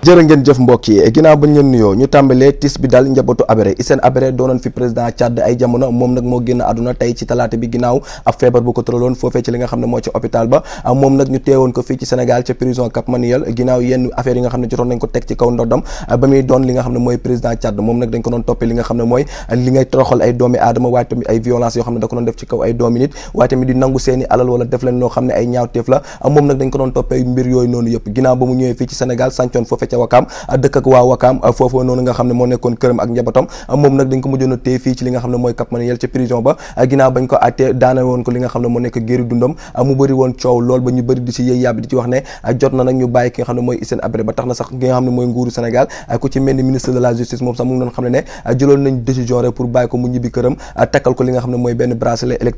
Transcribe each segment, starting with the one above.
jërë ngeen jëf mbokk yi ginnaaw bañ leen nuyoo ñu tàmbalee tis bi dal njabootu Habré Hissène Habré doonoon fi président Tchad ay jamono moom nag moo génn àdduna tey ci talaata bi ginnaaw ab feebar bu ko tëraloon foofee ci li nga xam ne moo ci hôpital ba ah moom nag ñu teewoon ko fii ci Sénégal ca prison Cap Manuel ginnaaw yenn affaire yi nga xam ne jotoon nañ ko ah sancoon ah foofee ca Wakaam dëkk ak waa Wakaam foofu noonu nga xam ne moo nekkoon këram ak njabootam moom nag dañ ko mujjoon a ci li nga xam ne mooy Cap Manuel ca prison ba ginnaaw bañ ko àttee daana woon ko li nga xam ne moo nekk géeri dundam mu bëri woon coow lool ba ñu bëri di ci yëy yàbbi di ci wax ne jot na nag ñu bàyyi ki nga xam ne mooy nguuru Sénégal ku ci mel ni ministre de la justice moom sax mu ngi xam ne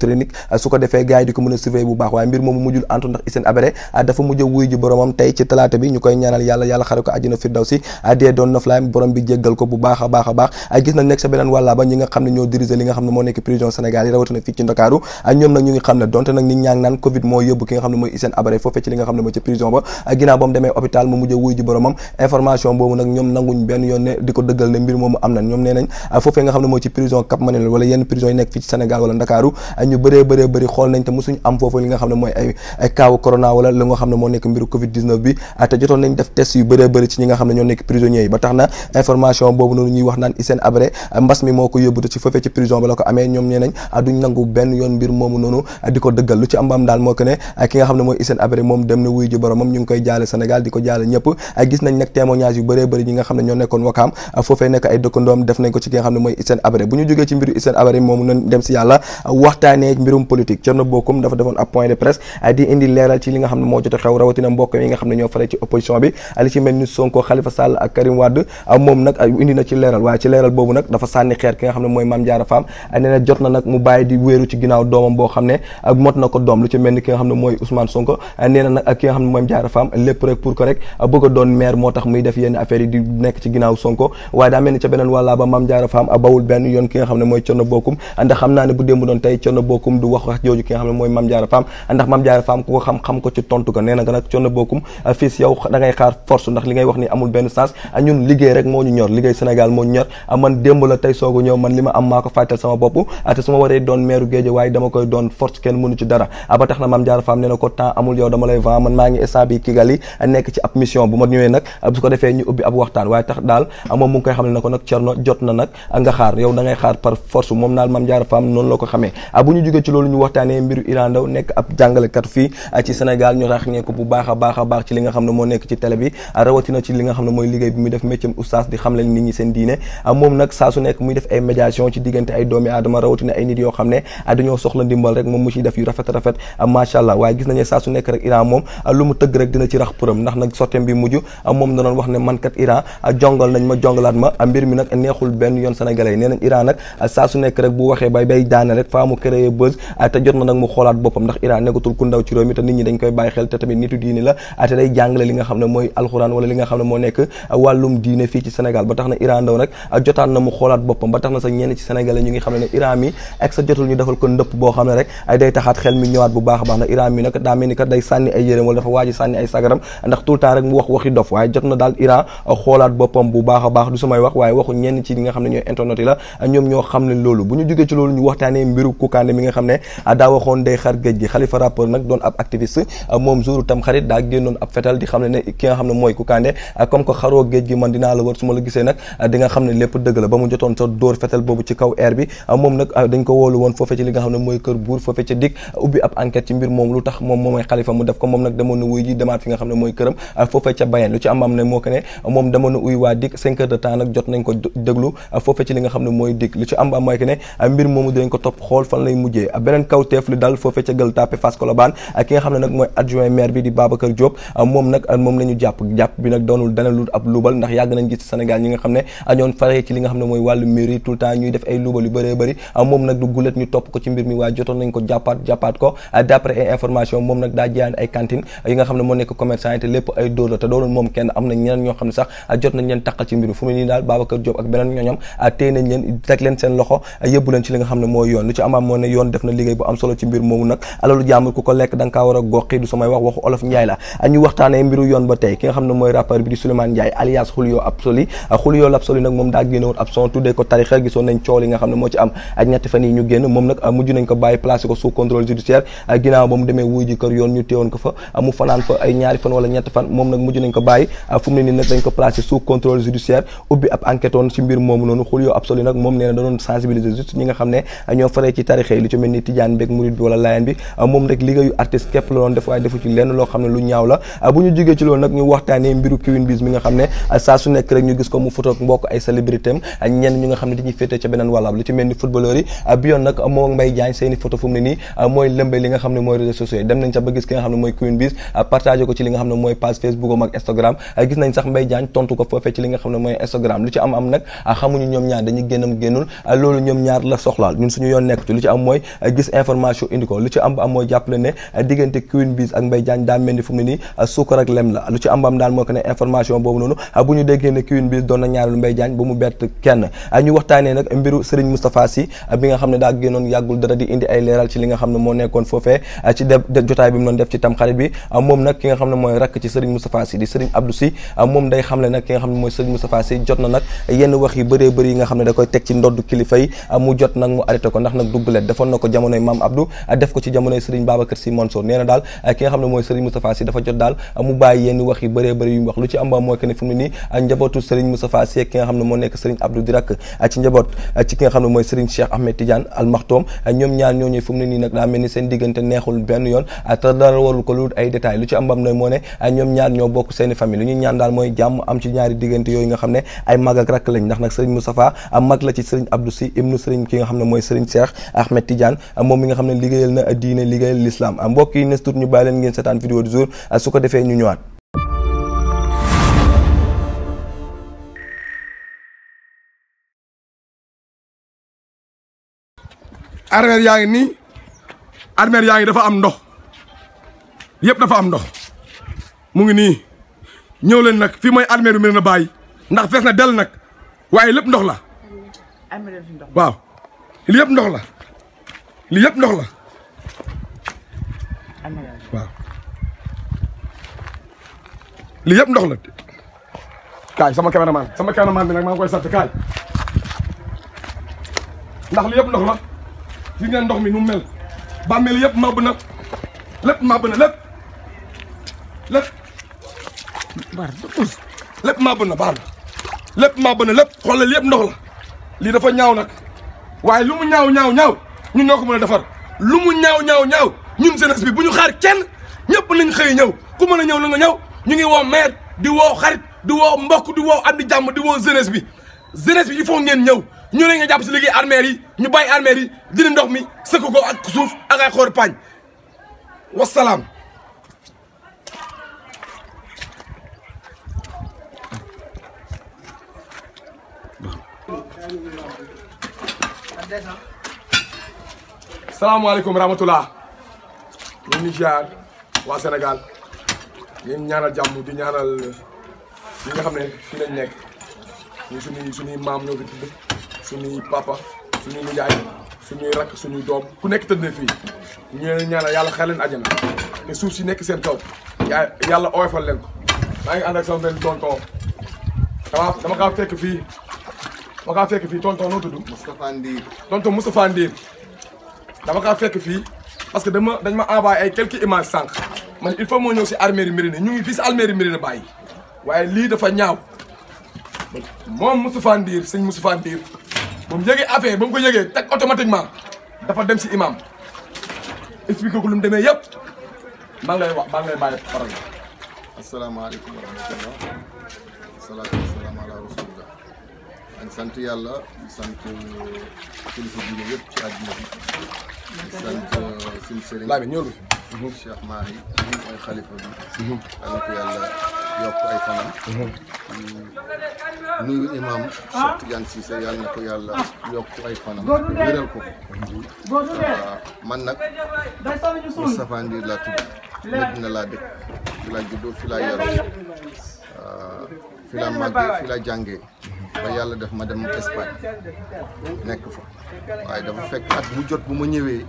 ne a surveiller bu baax àjjana firdawsi ah, dee doon noflaayam borom bi jéggal ko bu baax a baax a baax ah, gis nañ nekk sa beneen wàllaa ba ñi nga xam ne ñoo diriger li nga xam ne ah, mooy di ay kaawu corona wala li nga xam ne moo nekk mbiru covid 19 bi te jotoon nañ def test yu bëree bëri ci ñi nga xam ne ñoo nekk prisonniers yi ba tax na information boobu noonu ñuy wax naan Hissène Habré mbas mi moo ko yóbbu ci foofee ci prison ba la ko amee ñoom nee nañ ah, duñ nangu benn yoon mbir moomu noonu ah, di dëggal lu ci am daal moo ko ne ah, ki gis nañ nag témoignage yu bëree bëri ñi nga xam ne ñoo nekkoon wakaam foofee nekk ay dëkkandoom def nañ ko ci ki nga xam ne mooy Hissène Habré bu ñu jógee ci mbiru Hissène Habré moomu noonu dem si Sonko Khalifa Sall ak Karim Wade ah, moom nag ah, indi na ci leeral waaye ci leeral boobu nag dafa sànni xeer ki nga xam ne mooy Mame Diarra Fam ah, nee ko xam ne mooy Ousmane Sonko nee a bawul benn yoon ki nga xam ne mooy Thierno Bocoum ndax xam ndax Mame Diarra Fam ku ko xam xam ko ci tontu ko nee nga nag Thierno Bocoum fils yow da xaar force ndax li ngay wax ni amul benn sens ak ah, ñun liggéey rek moo ñu ñor liggéey Sénégal moo ñor a ah, man démb la tey soogu ñëw man li ma am maa ko fàttal sama bopp ate ah, su ma waree doon meeru géej waaye dama koy doon force kenn mënu ci dara ba tax ab mission tax daal moom mu ngi ne na ko nag Thierno jot na nag nga xaar yow da xaar par force moom naal Mame Diarra Fam noonu la ko xamee bu ñu jógee ci loolu ñu waxtaanee mbiru Iran Ndao nekk ab jàngalekat fii a baax a baax ci li nga xam nekk ci li nga xam ne mooy liggéey bi muy def métier oustaz di xam leen nit ñi seen diine ah, moom nag saa su nekk muy def ay médiation ci diggante ay doomi aadama rawatina ay nit yoo xam ne ah, dañoo soxla ndimbal rek moom mu ciy def yu rafet rafet ah, macha allah nekk rek Iran moom lu mu tëgg rek dina ci rax puram ndax nag sotteem bi mujj moom da doon wax ne man kat Iran jongal yoon sénégalais yi nee nañ Iran nag nekk rek bu waxee bay bay daane rek faa mu créé buzz te jot na nag mu xoolaat boppam ndax Iran nekkatul ku ndaw ci réew mi te nit ñi dañ koy bàyyi xel te tamit nitu diini la te day jàngale li nga xam ne mooy alxuraan wala li nga xam moo nekk wàllum diine fii ci Sénégal ba tax na Iran Ndao nag jotaan na mu xoolaat boppam ba tax na sa ñenn ci sénégalais ñu ngi xam ne ne Iran mi ak sa jotul ñu ko ndëpp boo xam ne rek day taxaat xel mi ñëwaat bu baax a baax ndax Iran ni kat day sànni ay yérém wala dafa waaji sànni ay sagaram ndax tout rek mu wax waxi dof waaye jot na daal Iran xoolaat boppam bu baax a baax du samay wax waaye waxu ñenn ci ñi nga xam ne ñooy internet yi la ñoom ñoo xam ne loolu bu ñu jógee ci loolu ñu waxtaanee mbiru Kounkandé mi nga xam ne daa waxoon day xar géej gi Khalifa rappeur nag moom jour tam xarit daa génnoon fetal di xam ne ne ki nga xam ne mooy Kounkandé comme que xaroo géej gi man dinaa la wër su ma la gisee nag ah, di nga xam ne lépp dëgg la ba mu jotoon sa dóor fetal boobu ci kaw air bi ah, moom ah, woon foofe ci li nga xam ne mooy moom nag mooy këram moo ko ne moom demoon na uy waa dig cinq heures lay mujjee beneen kawteef lu dal foofe ca gël tàppe Fass Colobane ki maire bi di Babacar Diop moom nag moom la jàpp jàpp bi nag doonul dana lu ab luubal ndax yàgg nañ gis Sénégal ñi nga xam ne añoon faree ci li nga xam ne mooy wàllu mairie tout le temps ñuy def ay luubal yu bëree bëri ah, moom nag du gulet ñu topp ko ci mbir mi waaye jotoon nañ ko jàppaat jàppaat ko ah, d'après ay information moom nag daa jiyaan ay cantine ah, xam ne moo nekk commerçant yi te lépp ay dóor la te doonul moom kenn am na ñeneen ñoo xam ne sax jot nañ leen taqal ci mbir mi fu mu nii daal Babacar Diop ak beneen ñooñam téye nañ leen teg leen seen loxo yóbbu leen ci li nga xam ne mooy yoon lu ci amaam moo ne yoon def na liggéey bu am solo ci mbir moomu nag alalu jàmbur ku ko lekk da nga war rappeur bi di Souleymane Ndiaye alias Xulio euh, ab son ak ñetti fan yi ñu nag euh, euh, moom nag mujj nañ ko nag dañ ko placé ab enquête nag moom nee na sensibiliser juste ñi nga xam ne ñoo faree ci tarixa li ci ni tijaan beeg murid bi wala layan bi moom rek liggéeyu artiste képp la def waaye defu ci lenn loo xam ne lu ñaaw la bu ñu jógee ci loolu nag ñu waxtaanee mbiru Queen Biz mi nga xam ne ah, saa su nekk rek ñu gis ko mu photo ak mbokk ay célébrité am ah, ñenn ñu nga xam ne dañuy féete ca beneen wàllaab lu ci mel ni footballeur yi ah, bi yoon nag moo ak Mbaye seeni photo fu mu ne nii mooy lëmbe li nga xam ne mooy réseaux sociaux yi dem nañ ca ba gis ki nga xam ne mooy Queen Facebook ak Instagram gis nañ sax Mbaye Diagne tontu ko foofee ci li nga xam ne mooy Instagram lu ci am am nag xamuñu ñoom ñaar dañuy génnam génnul information boobu noonu bu ñu déggee ne kiwin bi doon na ñaareelu Mbaye Diagne ba mu bett kenn ñu waxtaanee nag mbiru Serigne Moustapha Sy di indi ay leeral ci mu jot nag da koy teg ci ndodd mu jot ko ndax nag duggulet defoon na ko jamonoy Mame Abdou def ko ci jamonoy Serigne Babacar Sy Mansour nee na daal ki nga xam ne mooy Serigne Moustapha Sy dafa jot daal mu bàyyi yenn wax yu bëree bëri yu wax lu ci am mooy que ne fi mu ne nii ah, njabootu Serigne Moustapha Sy ki ne moo nekk Serigne Abdou ah, ah, ki nga xam ne mooy Serigne Cheikh Ahmed Tidiane Al Maktoum ñoom ñaar ñooñu fi mu nii nag daa mel ni seen diggante neexul benn yoon te dara warul ko lu moo ne ñoom ñoo bokk seeni famille ñuy ñaan daal mooy jàmm am ci ñaari diggante yooyu ne ay mag ak rakk lañ ndax nag mag la ci Serigne Abdou Sy ibnu Serigne ki nga xam ne mooy Serigne Cheikh Ahmed Tidiane moom mi nga xam ne liggéeyal na diine liggéeyal l'islam mbokk yi nes tuut ñu bàyyi leen ngeen seetaan vidéo jour su ko defee ñu ñëwaat armeer yaa ngi nii armeer yaa ngi dafa am ndox yëpp dafa am ndox mu ngi nii ñëw leen nag fii mooy armeer bi Médina baay ndax fees na del nag waaye lépp ndox la waaw li yëpp ndox la li yëpp ndox la waaw li yëpp ndox la kaay sama caméraman sama caméraman bi nag maa koy sant kaay ndax li yëpp ndox la gis ngeen ndox mi nu mel bàmmeel yëpp màbb na lépp màbb na lépp lépp lépp màbb na baal lépp màbb na lépp xoolal yëpp ndox la lii dafa ñaw nag waaye lu mu ñaw ñaaw ñaaw ñu ñoo ko mën a defar lu mu ñaaw ñaw ñaaw ñun jeunesse bi bu ñu xaar kenn ñëpp nañ xëy ñëw ku mën a ñëw na nga ñëw ñu ngi woo maire di woo xarit di woo mbokk di woo andi jàmm di woo jeunesse bi jeunesse bi il ngeen ñëw ñu ne nga jàpp si liggéey armeer ñu bay armeer yi dina ndox mi sëkk ko ak suuf ak ay xoor paañ wasalaam salaamaaleykum rahmatulah ñu ngi ziar waa Sénégal ñun ñaanal jàmm di ñaanal ñi nga xam ne fi nekk ñu suñuy suñuy maam ñoo fi tudd suñuy papa suñuy nijaay suñuy rakk suñuy doom ku nekk tëdd na fii ñu leen ñaanal yàlla xel leen àjjana te suuf si nekk seen kaw yaa yàlla oyofal leen ko maa ngi ànd ak sama benn tonton dama dama fekk fii dama kaa fekk fii tonton noo tudd. Moustapha Ndiir tonton Moustapha Ndiir dama kaa fekk fii parce que dama dañ ma envoyé ay quelques images sànq man il faut moo ñëw si arméry Mérina ñu ngi fii si arméry Mérina Baye waaye lii dafa ñaaw moom Moustapha Ndiir sëñ Moustapha Ndiir. ba mu yëgee affaire ba mu ko yëgee teg automatiquement dafa dem si imam expliqué ko lu mu demee yëpp maa ngi lay wax maa ngi lay bàyyi parole. asalaamaaleykum wa rahmatulah salaatu wa salaam ala rasulillah di sant yàlla di sant kilifa diine yëpp ci àddina bi di sant uh, suñu sëriñ. laa bi ñëw Cheikh Mahi mooy xalifa bi. Mhm. yàlla ko yàlla. yokk ay fanam. Mhm. Mm. nuyu imam Cheikh Tidiane yal na ko yàlla yokk ay fanam. wéral ko ah, man nag Moustapha Ndir laa tudd Medina laa la fi laa juddoo fi laa yaroo ah, fi laa màggee fi laa yàlla def ma dem Espagne nekk fa waaye dafa fekk at bu jot bu ma ñëwee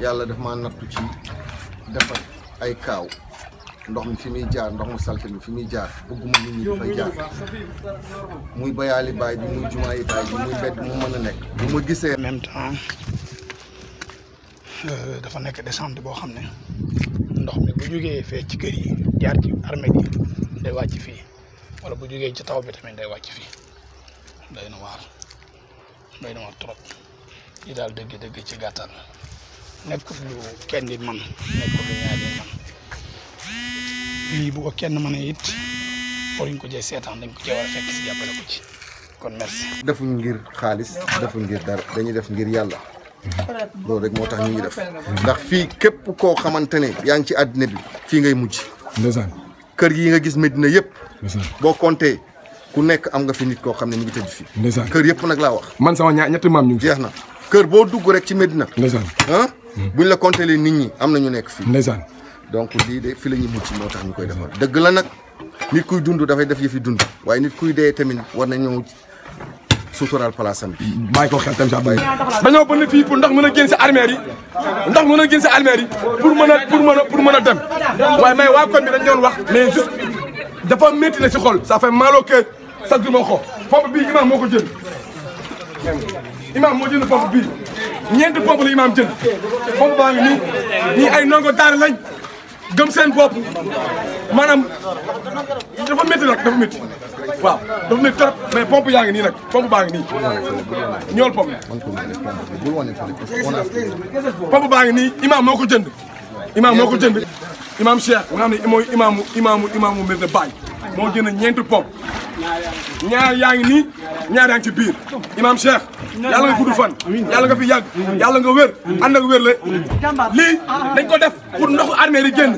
yàlla def ma nattu ci defar ay kaaw ndox mi fi muy jaar ndox mu salte mi fi muy jaar bëgguma nit ñi di fa jaar muy bayaali baay bi muy jumaayi baay bi muy mbedd nekk bu ma gisee même temps euh, dafa nekk descente boo xam ne ndox mi bu jógee fee ci kër yi jaar ci armée day wàcc fii wala bu jógee ci taw bi tamit day wàcc fii day na waar day na waar trop yi daal dëgg-dëgg ci gàttal nekkut lu kenn di man nekkut lu ñaari man lii bu ko kenn mën a it waruñ ko cee seetaan dañ ko cee war kon merci. defuñ ngir xaalis defuñ ngir dara dañuy def ngir yàlla loolu rek moo tax ñu ngi def ndax fii képp koo xamante ne yaa ngi ci àddina bi fii ngay mujj. ndeysaan kër yi nga gis Medina yëpp. boo compté ku nekk am nga fi nit koo xam ne ñu ngi tëdd fii. ndeysaan kër yëpp nag laa wax. man sama ñaar ñetti maam ñu jeex na kër boo dugg rek ci Medina. ndeysaan ah buñ nit ñi am na ñu nekk fii. ndeysaan donc lii de fi la ñuy mucc moo tax ñu koy defal dëgg la nag nit kuy dund dafay def yëfi dund waaye nit kuy dee tamit war na ñëw suturaal palaasam bi. bàyyi ko xel tamit sax bàyyi. dañoo bëgg fii pour ndax mën a génn si armère yi ndax mën a génn si armère yi pour mën pour mën pour mën a dem waaye may waa koñ bi dañ doon wax. mais juste dafa métti na si xol. sa fait mal au cœur sax du ma xoo pompe bii imaam moo ko jënd imaam moo jënd pompe bi ñeenti pompe la imaam jënd pompe baa ngi nii ay ndongo daara lañ. gëm seen bopp maanaam dafa métti nag dafa métti waaw dafa métti trop mais pompe yaa ngi nii nag pompe baa ngi nii ñool pompe pompe baa ngi nii imaam moo ko jënd imaam moo ko jënd imaam Cheikh nga xam ne mooy imaamu imaamu imaamu Medina Baye moo jënd ñeenti pomp ñaar yaa ngi nii ñaar yaa ngi ci biir imam Cheikh yàlla nga gudd fan yàlla nga fi yàgg a nga wér ànd ak wér la lii dañ ko def pour ndoxu armée di génn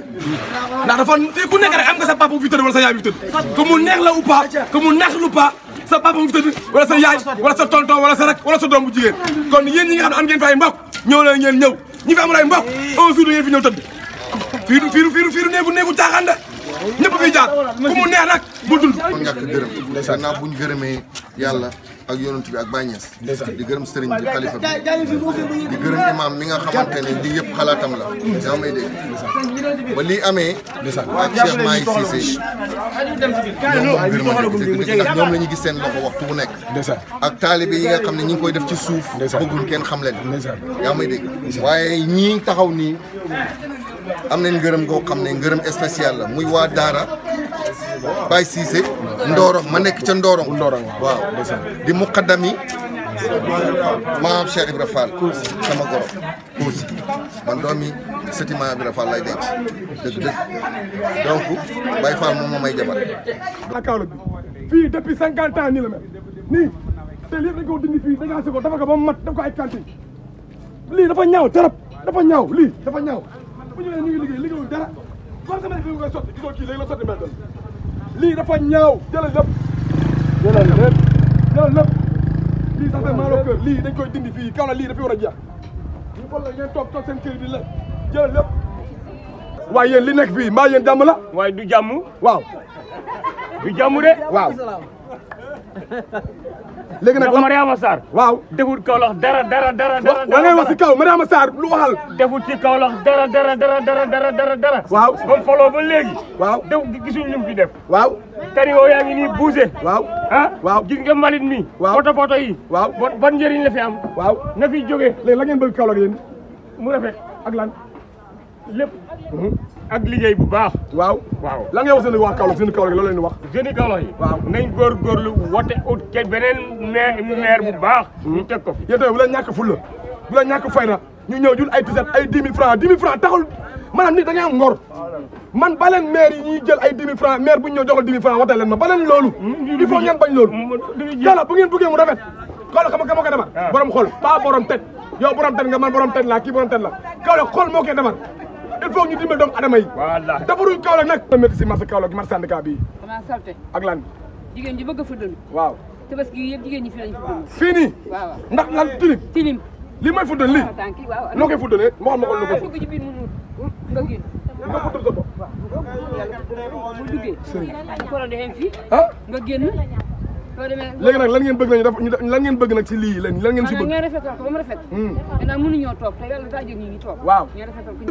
ndax dafa ku nekk rek am nga sa papa bu fi tëdd wala sa yaay bi fi tëdd que mu neex la ou pas que mu neex lu pas sa papa bu fi tëdd wala sa yaay wala sa tonton wala sa rak wala sa doom bu jigéen kon yéen ñi nga xam ne am ngeen ñi fi amul ay mbokk un jour da ngeen fi fiiru fiiru fiiru fiiru néegu néegu ñëpp a fiy jaar ku mu neex nag bu dund. kon ñàkk gërëm ndeysaan buñ gërëmee yàlla ak yonent bi ak Baay Ñas di gërëm sëriñ bi xalifa bi di gërëm imaam mi nga xamante ne lii yëpp xalaatam la yaa may dégg ba lii amee ak Cheikh ko Cissé ndax ñoom la ñu gis seen loxo waxtu bu nekk ak taalibe yi nga xam ne ñi koy def ci suuf bëggul kenn xam leen yaa may waaye ñii taxaw nii am nañ ngërëm goo xam ne ngërëm spécial la muy waa Daara Baye Cissé Ndorong ma nekk ca Ndorong. Ndorong waaw di muqaddam yi maam Cheikh Ibra Fall sama goro Kousi man doomi sëti maam Ibra Fall lay denc dëgg-dëgg donc Baye moom may jabar. fii depuis cinquante ans nii la mel nii te lii dañ ko dindi fii dafa ko ba mu mat dafa ko ay kanti lii dafa ñaw trop dafa ñaw lii dafa ñaw bu ñu nee ñu dara war nga mën a koy sotti gisoo kii léegi la sotti mel lii dafa ñaaw jëlal lépp jëlal lépp jëlal lii maa la kër lii dañ koy dindi fii kaw lii dafa war a jeex ñu xool la ngeen toog toog seen kër bi la jëlal lépp waaye yéen li nekk fii mbaa yéen jàmm la waaye du jàmm waaw du jàmm de waaw léegi nag Mariama Sarr waaw deful Kaolack dara dara dara dara wa wax si kaw Mariama Sarr lu waxal deful ci Kaolack dara dara dara dara dara dara dara waaw ba foloo ba léegi waaw def gisuñu lu mu fi def waaw tari woo yaa ngi nii bougé waaw ah waaw gis nga mbalit mi waaw poto poto yi waaw ban njëriñ la fi am waaw na fi jógee léegi la ngeen bëgg Kaolack yéen mu rafet ak lan lépp mhm. ak liggéey bu baax. waaw waaw lan ngay wax seen waa Kaolack seen Kaolack loolu leen wax. jeunes Kaolack yi. waaw nañ góorgóorlu wote ut ke beneen maire maire bu baax. Hmm. ñu teg ko fi yéen tamit bu la ñàkk fulla bu la ñàkk fayda ñu ñëw jul ay tisat ay dix mille francs dix mille francs taxul maanaam nit da ngay man ba leen maire ñuy jël ay dix mille francs bu ñu ñëw joxal dix mille francs ma ba leen loolu. Hmm, il faut ngeen bañ loolu. Hmm, kala bu ngeen bëggee mu rafet. Kaolack xam nga ko defar. Ah. borom xol pas borom tet yow man borom tet laa kii borom tet la Kaolack moo koy defar il faut ñu dimbali doomu adama yi. wallaahi defarul Kaolack nag. dina métti si marché Kaolack marché syndicat bii. damaa salté ak lan. jigéen ñi bëgg a fëddal. waaw tabaski gi yëpp jigéen ñi fi lañ fëddal. fii nii. waaw ndax lan tilim. tilim li may fëddal lii. Ah, noo koy fëddalee moo xam ne xool na ko. nga génn. nga fëddal sa bopp. nga génn. léegi nag lan ngeen bëgg nañu def lan ngeen bëgg nag si lii lan ngeen si bëgg. ba mu rafet. maintenant hmm. mënuñoo toog te yàlla daa jóg ñu ngi toog. waaw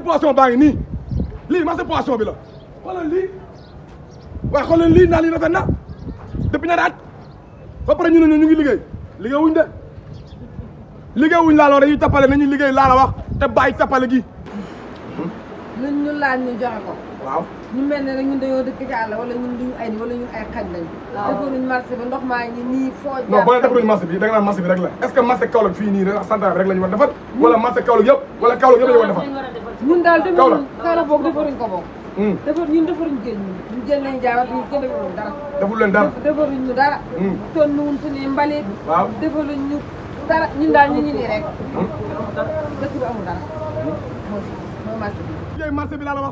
poisson baa ngi nii lii marché poisson bi la xoolal lii waaye xoolal lii naa lii rafet na depuis ñaari at ba pare ñu ne ñu ngi liggéey liggéey wuñ de liggéey wuñ laaloo dañuy tappale nañu liggéey laala wax te bàyyi tappale gi. ñun ñu laal ñu joxe ko. waaw. ñu mel ne rek ñun dañoo dëkk ci àll wala ñun duñu ay wala ñun ay xaj lañ defaruñ marché bi ndox maa ngi nii foo non boo nee defaruñ marché bi da nga naan marché bi rek la est ce que marché Kaolack fii nii rek centre bi rek la ñu war defar wala marché Kaolack yëpp wala Kaolack yëpp ñun daal defaruñ Kaolack boog defaruñ ko boog hmm. defar ñun defaruñ géej ñun géej lañ jaawat ñu kenn defaruñ dara deful leen dara defaruñ ñu dara hmm. tonnuwuñ suñuy mbalit waaw defaruñ ñu dara ñu ngi rek hmm. dëkk bi amul dara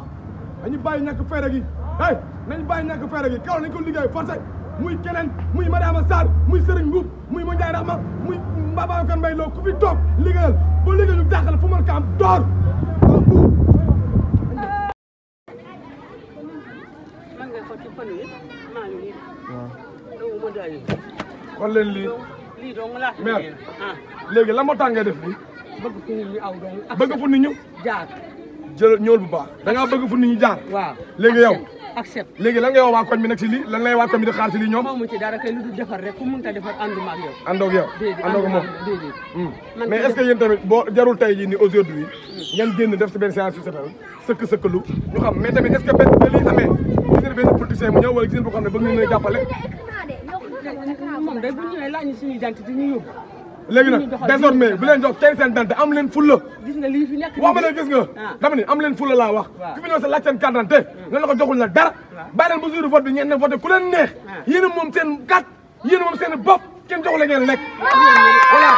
dañu bàyyi ñàkk fayda gi hey nañu bàyyi ñàkk fayda gi kaw nañu ko liggéey forcé muy keneen muy Mariama Sarr muy Serigne Mboup muy Mandiaye Rahma muy Babacar Mbaye Lo ku fi toog liggéeyal ba liggéey ñu dàqal fu mu mën ko am door kon leen lii mère ah. léegi bëgg fu fu nit ñi jël ñool bu baax da ngaa bëgg fu nit ñi jaar léegi yow accepte léegi lan ngay wax waa koñ bi nag si lii lan lay waa koñ bi di xaar si lii ñoom hmm. mais est ce que tamit boo jarul tey jii ni aujourd'hui ngeen génn def si benn séance sociétale sëkk sëkkalu ñu xam mais tamit est ce benn ba lii amee gis ngeen benn politicien mu ñëw boo xam ne bëgg ngeen ne jàppale moom day bu ñëwee laaj ñu yóbbu léegi nag désormais bu leen jox kenn seen dante am leen fulla gis nga lii nekk wax ma ne gis nga ah. dama ni am leen fulla laa wax ku fi ñëw sa laaj seen carte d'identité hmm. nga la ko joxul la dara bàyyi leen ba jour vote bi ñeen na voté ku leen neex ah. yéen moom seen gàtt yéen moom seen bop kenn joxu la ngeen lekk voilà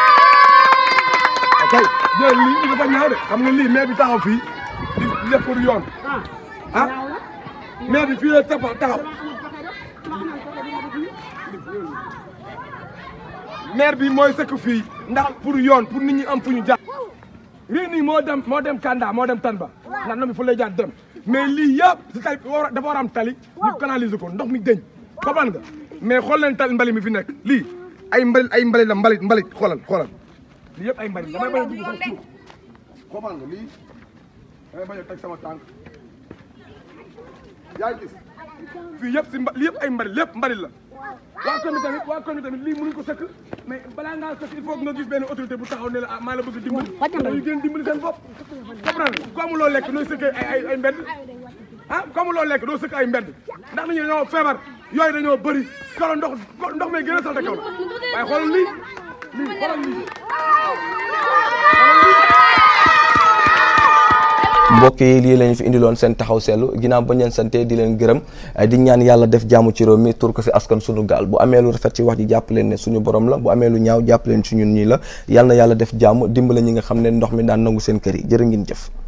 kay jël xam nga lii maire bi taxaw fii di def pour yoon ah, ah. maire bi fii la taxaw maire bi mooy sëkk fii ndax pour yoon pour nit ñi am fu ñu jaar lii nii moo dem moo dem Kanda moo dem Tamba ndax ndox mi lay jaar mais lii yëpp si tali dafa war am tali ñu canaliser ndox mi dëñ comprendre nga mais xool leen tali mbali mi fi nekk lii ay mbalit ay mbalit la mbalit mbalit xoolal xoolal lii yëpp ay mbalit damay bañ a dugg sax suuf nga lii a teg sama yëpp si yëpp ay mbalit lépp mbalit la waa kon tamit waa kon tamit lii mënuñ ko sëkk mais balaa ngaa sëkk il faut nga gis benn autorité bu taxaw ne la ah maa la bëgg dimbali. dañu gën dimbali seen bopp. comprendre ku loo lekk nooy sëkk ay ay mbedd ah ku amul loo lekk doo sëkk ay mbedd ndax nañu dañoo feebar yooyu dañoo bëri koro ndox ndox may gën a salte kaw waaye xoolal lii lii xoolal lii mbokk yi lii lañu fi indiloon seen taxaw seetlu ginnaaw bañ leen sante di leen gërëm eh, di ñaan yàlla def jàmm ci réew mi tur ko fi askan sunu gaal bu amee lu rafet ci wax ji jàppaleen ne suñu borom la bu amee lu ñaaw jàppaleen leen ci ñun ñii la yàlla yàlla def jàmm dimbala ñi nga xam ne ndox mi daan nangu seen kër yi jërë ngeen jëf